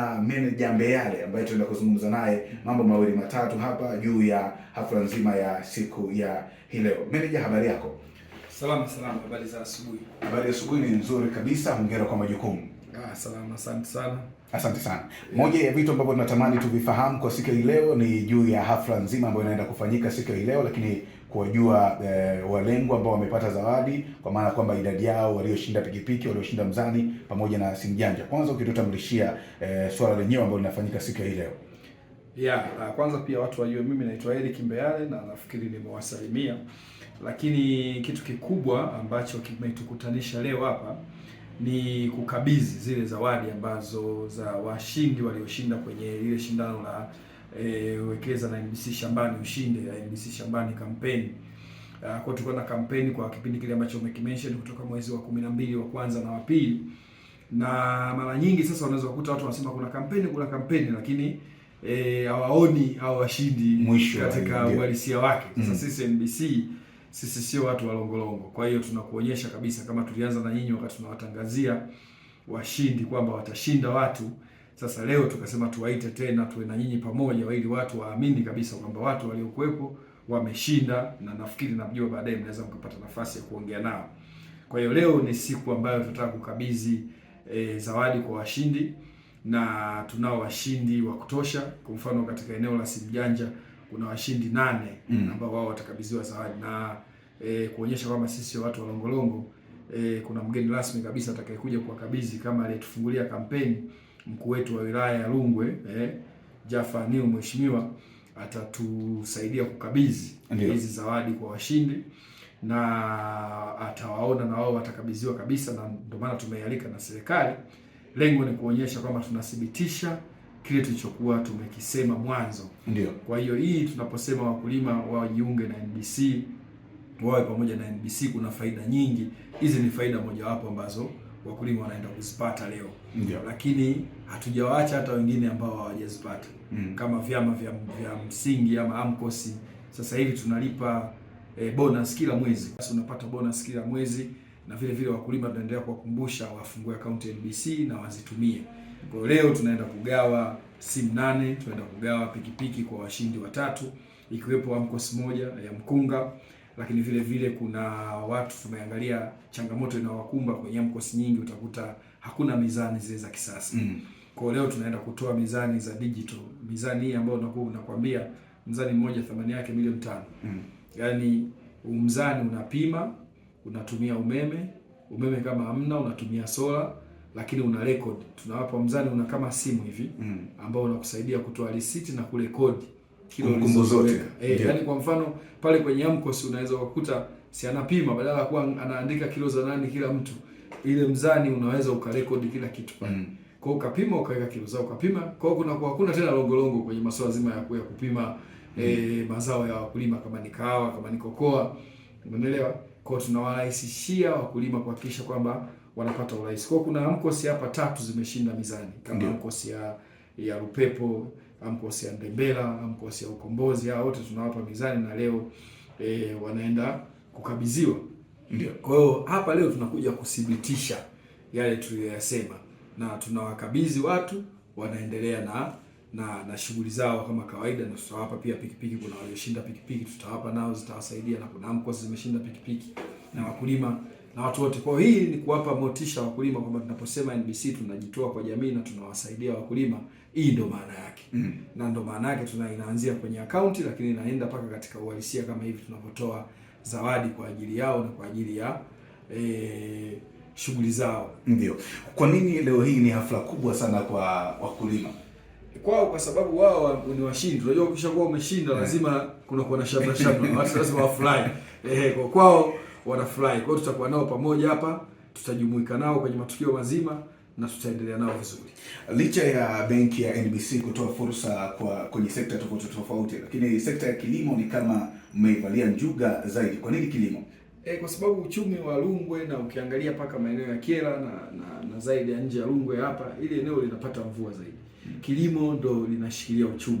na meneja Mbeyale ambaye tunaenda kuzungumza naye mambo mawili matatu hapa juu ya hafla nzima ya siku ya hii leo. Meneja, habari yako? Salama salama, habari za asubuhi. Habari ya asubuhi ni nzuri kabisa, hongera kwa majukumu. Ah, salama, asante sana. Asante sana. Moja ya vitu ambavyo tunatamani tuvifahamu kwa siku hii leo ni juu ya hafla nzima ambayo inaenda kufanyika siku hii leo, lakini kuwajua e, walengwa ambao wamepata zawadi, kwa maana kwamba idadi yao walioshinda pikipiki, walioshinda mzani pamoja na simu janja. Kwanza ukitutambulishia e, eh, swala lenyewe ambalo linafanyika siku hii leo. Yeah, kwanza pia watu wajue mimi naitwa Eric Mbeale na nafikiri nimewasalimia, lakini kitu kikubwa ambacho kimetukutanisha leo hapa ni kukabidhi zile zawadi ambazo za washindi walioshinda kwenye ile shindano la e, wekeza na NBC Shambani, ushinde ya NBC Shambani kampeni. Uh, ah, kwa tulikuwa na kampeni kwa kipindi kile ambacho umekimention kutoka mwezi wa kumi na mbili wa kwanza na wa pili, na mara nyingi sasa unaweza kukuta watu wanasema kuna kampeni kuna kampeni, lakini eh, hawaoni e, hawa washindi katika uhalisia wake. Sasa mm-hmm. sisi NBC sisi sio watu wa longolongo. Kwa hiyo tunakuonyesha kabisa, kama tulianza na nyinyi wakati tunawatangazia washindi kwamba watashinda watu. Sasa leo tukasema tuwaite tena, tuwe na nyinyi pamoja, ili watu waamini kabisa kwamba watu waliokuwepo wameshinda, na nafikiri namjua, baadaye mnaweza mkapata nafasi ya kuongea nao. Kwa hiyo leo ni siku ambayo tunataka kukabidhi e, zawadi kwa washindi, na tunao washindi wa kutosha. Kwa mfano katika eneo la simu janja kuna washindi nane mm. ambao wao watakabidhiwa zawadi na e, kuonyesha kwamba sisi watu watu walongolongo. E, kuna mgeni rasmi kabisa atakayekuja kuwakabidhi kama aliyetufungulia kampeni mkuu wetu wa wilaya ya Rungwe e, Jafar Niu mheshimiwa atatusaidia kukabidhi hizi zawadi kwa washindi na atawaona na wao watakabidhiwa kabisa, na ndio maana tumeialika na serikali. Lengo ni kuonyesha kwamba tunathibitisha kile tulichokuwa tumekisema mwanzo. Ndio. Kwa hiyo hii tunaposema wakulima wajiunge na NBC, wawe pamoja na NBC, kuna faida nyingi. Hizi ni faida mojawapo ambazo wakulima wanaenda kuzipata leo. Ndio. Lakini hatujawaacha hata wengine ambao hawajazipata mm. kama vyama vya, vya msingi ama amkosi sasa hivi tunalipa eh, bonus kila mwezi. Sasa unapata bonus kila mwezi na vile vile wakulima tunaendelea kuwakumbusha wafungue akaunti ya NBC na wazitumie. Kwa leo tunaenda kugawa simu nane, tunaenda kugawa pikipiki kwa washindi watatu ikiwepo Amcos moja ya mkunga, lakini vile vile kuna watu tumeangalia changamoto inayowakumba kwenye Amcos nyingi, utakuta hakuna mizani zile za kisasa mm. Kwa leo tunaenda kutoa mizani za digital, mizani hii ambayo unakuwa unakwambia mzani mmoja thamani yake milioni tano mm. Yaani umzani unapima unatumia umeme, umeme kama hamna unatumia sola, lakini una record. Tunawapa mzani, una kama simu hivi mm. ambao unakusaidia kutoa receipt na kurekodi kilo kumbo zote eh, Yani kwa mfano pale kwenye AMCOS unaweza kukuta si anapima, badala ya kuwa anaandika kilo za nani kila mtu, ile mzani unaweza ukarekodi kila kitu pale mm. Kwa ukapima ukaweka kilo zao ukapima. Kwa kuna kwa hakuna tena longolongo kwenye masuala zima ya kuya kupima mm. e, mazao ya wakulima kama ni kahawa kama ni kokoa, umeelewa? Kwa tunawarahisishia wakulima kuhakikisha kwamba wanapata urahisi. Kwa kuna AMCOS hapa tatu zimeshinda mizani kama AMCOS ya, ya Lupepo, AMCOS ya Ndembela, AMCOS ya Ukombozi, hao wote tunawapa mizani na leo e, wanaenda kukabidhiwa. Ndio. Kwa hiyo hapa leo tunakuja kuthibitisha yale tuliyoyasema na tunawakabidhi watu wanaendelea na na na shughuli zao kama kawaida, na tutawapa pia pikipiki. Kuna walioshinda pikipiki tutawapa nao, zitawasaidia na kuna AMCOS zimeshinda pikipiki na wakulima na watu wote. Kwa hiyo hii ni kuwapa motisha wakulima kwamba tunaposema NBC tunajitoa kwa jamii na tunawasaidia wakulima, hii ndo maana yake mm. na ndo maana yake tuna inaanzia kwenye akaunti, lakini inaenda mpaka katika uhalisia kama hivi tunapotoa zawadi kwa ajili yao na kwa ajili ya e, shughuli zao. Ndio kwa nini leo hii ni hafla kubwa sana kwa wakulima kwao kwa sababu wao ni washindi. Unajua ukishakuwa umeshinda eh. lazima kuna kuna na shabra watu lazima wafurahi. Eh, kwa kwao wanafurahi. Kwa hiyo tutakuwa nao pamoja hapa, tutajumuika nao kwenye matukio mazima na tutaendelea nao vizuri. Licha ya benki ya NBC kutoa fursa kwa kwenye sekta tofauti tofauti, lakini sekta ya kilimo ni kama mmeivalia njuga zaidi. Kwa nini kilimo? E, kwa sababu uchumi wa Rungwe na ukiangalia mpaka maeneo ya Kyela na, na, na zaidi ya nje ya Rungwe hapa, ili eneo linapata mvua zaidi Kilimo ndo linashikilia uchumi.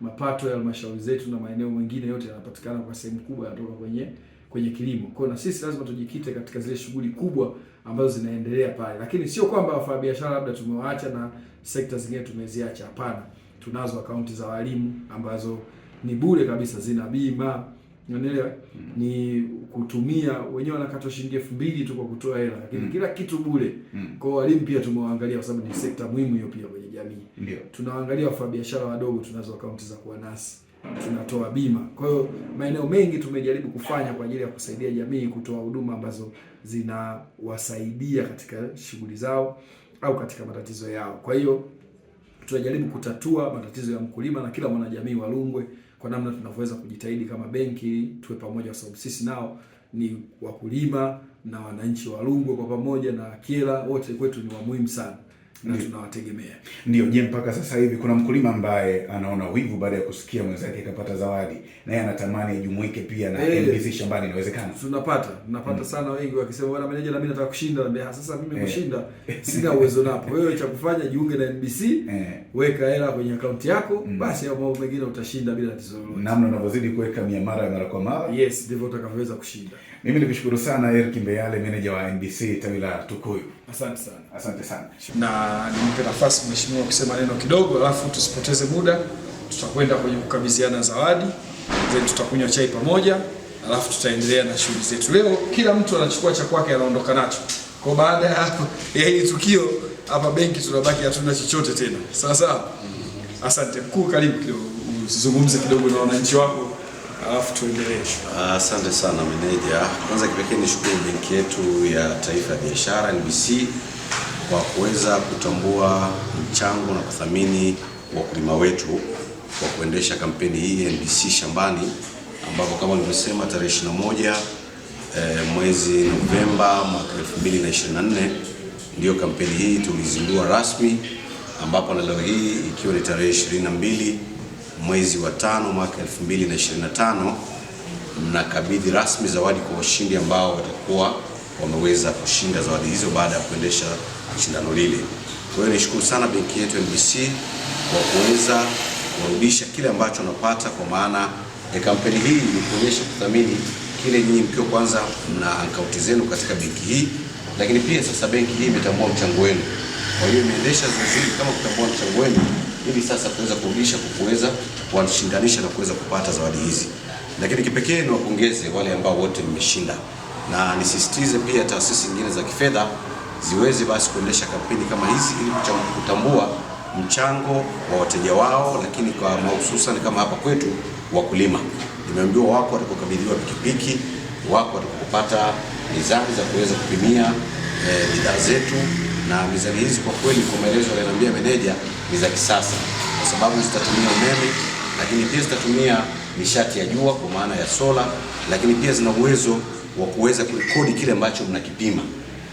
Mapato ya halmashauri zetu na maeneo mengine yote yanapatikana kwa sehemu kubwa yanatoka kwenye kwenye kilimo. Kwa na sisi lazima tujikite katika zile shughuli kubwa ambazo zinaendelea pale, lakini sio kwamba wafanyabiashara labda tumewaacha na sekta zingine tumeziacha. Hapana, tunazo akaunti za walimu ambazo ni bure kabisa, zina bima unaelewa, mm. ni kutumia wenyewe, wanakatwa shilingi elfu mbili tu kwa kutoa hela, lakini mm. kila kitu bure mm. Kwa walimu pia tumewaangalia kwa sababu ni sekta muhimu hiyo pia jamii. Ndio. Tunaangalia wafanyabiashara wadogo, tunazo akaunti za kuwa nasi tunatoa bima. Kwa hiyo maeneo mengi tumejaribu kufanya kwa ajili ya kusaidia jamii kutoa huduma ambazo zinawasaidia katika shughuli zao au katika matatizo yao. Kwa hiyo tunajaribu kutatua matatizo ya mkulima na kila mwanajamii wa Rungwe kwa namna tunavyoweza kujitahidi kama benki tuwe pamoja, kwa sababu sisi nao ni wakulima na wananchi wa Rungwe kwa pamoja, na kila wote kwetu ni wa muhimu sana na tunawategemea. Ndio. Je, mpaka sasa hivi kuna mkulima ambaye anaona wivu baada ya kusikia mwenzake akapata zawadi na yeye anatamani ajumuike pia na eh, ingizi shambani? Inawezekana, tunapata tunapata mm. sana wengi wakisema, bwana meneja, na mimi nataka kushinda. Naambia ah, sasa mimi eh. kushinda eh. sina uwezo napo. Wewe cha kufanya jiunge na NBC eh. weka hela kwenye akaunti yako mm. basi, au mambo mengine utashinda bila tatizo lolote, namna unavyozidi kuweka miamara ya mara kwa mara. Yes, ndivyo utakavyoweza kushinda. Mimi nikushukuru sana Eric Mbeyale, meneja wa NBC tawi la Tukuyu. Asante sana. Asante sana. Na nimpe nafasi mheshimiwa kusema neno kidogo, alafu tusipoteze muda, tutakwenda kwenye kukabidhiana zawadi, then tutakunywa chai pamoja, alafu tutaendelea na shughuli zetu. Leo kila mtu anachukua cha kwake anaondoka nacho. Kwa baada ya hapo ya hili tukio hapa benki tunabaki hatuna chochote tena. Sawa sawa. Mm-hmm. Asante mkuu, karibu kidogo usizungumze kidogo na wananchi wako alafu tuendelee. Ah, asante uh, sana meneja. Kwanza kipekee nishukuru benki yetu ya taifa ya biashara NBC kwa kuweza kutambua mchango na kuthamini wakulima wetu kwa kuendesha kampeni hii NBC Shambani, ambapo kama nilivyosema tarehe 21 eh, mwezi Novemba mwaka 2024 ndiyo kampeni hii tulizindua rasmi, ambapo na leo hii ikiwa ni tarehe 22 mwezi wa tano mwaka 2025 mnakabidhi rasmi zawadi kwa washindi ambao watakuwa wameweza kushinda zawadi hizo baada ya kuendesha shindano lile. Kwa hiyo nishukuru sana benki yetu NBC kwa kuweza kurudisha kile ambacho unapata, kwa maana ya kampeni hii ni kuonyesha kuthamini kile nyinyi mkiwa kwanza mna akaunti zenu katika benki hii, lakini pia sasa benki hii imetambua mchango wenu. Kwa hiyo imeendesha zoezi kama kutambua mchango wenu ili sasa kuweza kurudisha kuweza kuwashindanisha na kuweza kupata zawadi hizi. Lakini kipekee niwapongeze wale ambao wote mmeshinda, na nisisitize pia taasisi nyingine za kifedha ziweze basi kuendesha kampeni kama hizi ili kutambua mchango wa wateja wao, lakini kwa hususan kama hapa kwetu wakulima, nimeambiwa wako watakokabidhiwa pikipiki, wako watakopata mizani za kuweza kupimia eh, bidhaa eh, zetu na mizani hizi kwa kweli, kwa maelezo aliniambia meneja, ni za kisasa kwa sababu zitatumia umeme, lakini pia zitatumia nishati ya jua kwa maana ya sola, lakini pia zina uwezo wa kuweza kurekodi kile ambacho mnakipima.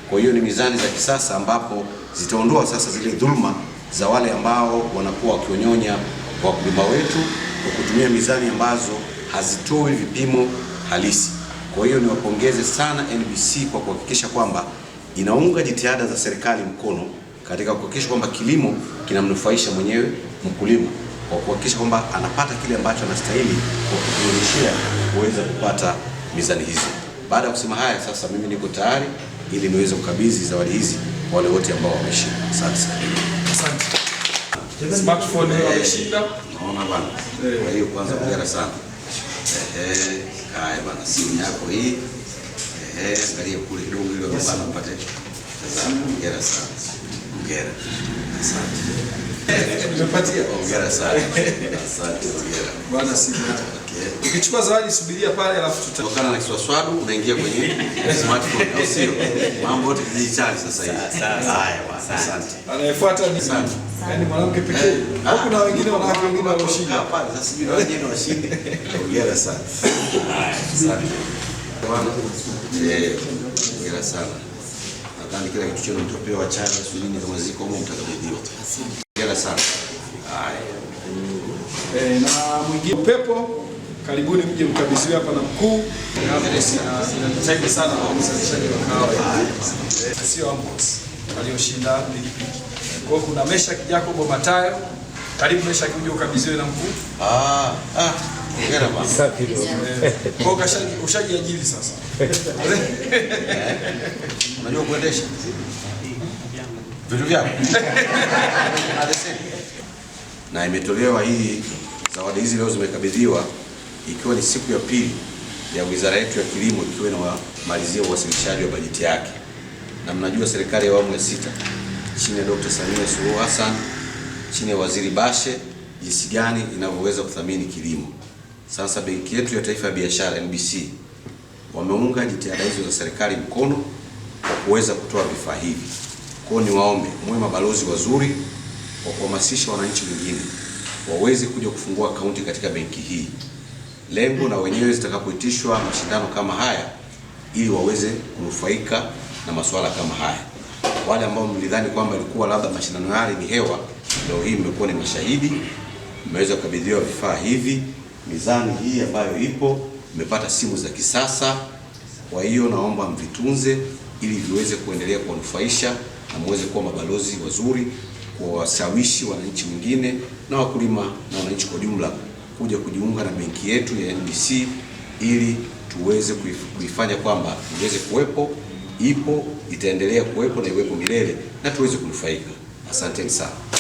Kwa hiyo ni mizani za kisasa ambapo zitaondoa sasa zile dhuluma za wale ambao wanakuwa wakionyonya wakulima wetu kwa kutumia mizani ambazo hazitoi vipimo halisi. Kwa hiyo niwapongeze sana NBC kwa kuhakikisha kwamba inaunga jitihada za serikali mkono katika kuhakikisha kwamba kilimo kinamnufaisha mwenyewe mkulima kwa kuhakikisha kwamba anapata kile ambacho anastahili kwa kujionyeshea kuweza kupata mizani hizo. Baada ya kusema haya, sasa mimi niko tayari ili niweze kukabidhi zawadi hizi kwa wale wote ambao wameshinda. Asante sana. Asante. Smartphone hiyo ameshinda. Naona bana. Kwa hiyo kwanza hongera sana. Eh, haya bana, simu yako hii Eh, angalia kule kidogo ile baba anapata. Sasa hongera sana. Hongera. Asante. Nimepatia hongera sana. Asante hongera. Bwana siku Ukichukua zawadi subiria pale alafu tutakutana na kiswaswadu unaingia kwenye smartphone au sio? Mambo yote dijitali sasa hivi. Haya Asante. Anayefuata ni sana. Yaani mwanamke pekee. Au ah. kuna wengine wanawake wengine walioshinda? Hapana, sasa sijui wengine washinde. Hongera sana. Asante. Hongera sana. Nadhani kila kitu chenu mtapewa chana sio kama ziko mtakabidhiwa. Hongera sana. Haya. Eh, na mwingie upepo. Karibuni mje mkabidhiwe hapa na mkuu. Inasaidia sana kwa msafishaji wa kahawa. Eh, sio Kwa kuna mesha kijako bomatayo karibu umeshakuja ukabidhiwe na mkuu. Ah, ah. Hongera bwana. Safi ndio. Kwa kashaji ushajiajiri sasa. Eh? Unajua kuendesha? Vitu vyako. Na imetolewa hii zawadi hizi leo zimekabidhiwa ikiwa ni siku ya pili ya wizara yetu ya kilimo ikiwa inamalizia uwasilishaji wa bajeti yake. Na mnajua serikali ya awamu ya sita chini ya Dr. Samia Suluhu Hassan chini ya Waziri Bashe jinsi gani inavyoweza kuthamini kilimo. Sasa Benki yetu ya Taifa ya Biashara NBC wameunga jitihada hizo za serikali mkono kwa kuweza kutoa vifaa hivi. Kwa hiyo niwaombe muwe mabalozi wazuri wa kuhamasisha wananchi wengine waweze kuja kufungua akaunti katika benki hii, lengo na wenyewe zitakapoitishwa mashindano kama haya, ili waweze kunufaika na masuala kama haya. Wale ambao mlidhani kwamba ilikuwa labda mashindano yale ni hewa Leo hii mmekuwa ni mashahidi, mmeweza kukabidhiwa vifaa hivi, mizani hii ambayo ipo, mmepata simu za kisasa. Kwa hiyo naomba mvitunze ili viweze kuendelea kuwanufaisha na muweze kuwa mabalozi wazuri, kuwashawishi wananchi wengine na wakulima na wananchi kwa jumla kuja kujiunga na benki yetu ya NBC ili tuweze kuifanya kwamba iweze kuwepo, ipo, itaendelea kuwepo na iwepo milele na tuweze kunufaika. Asanteni sana.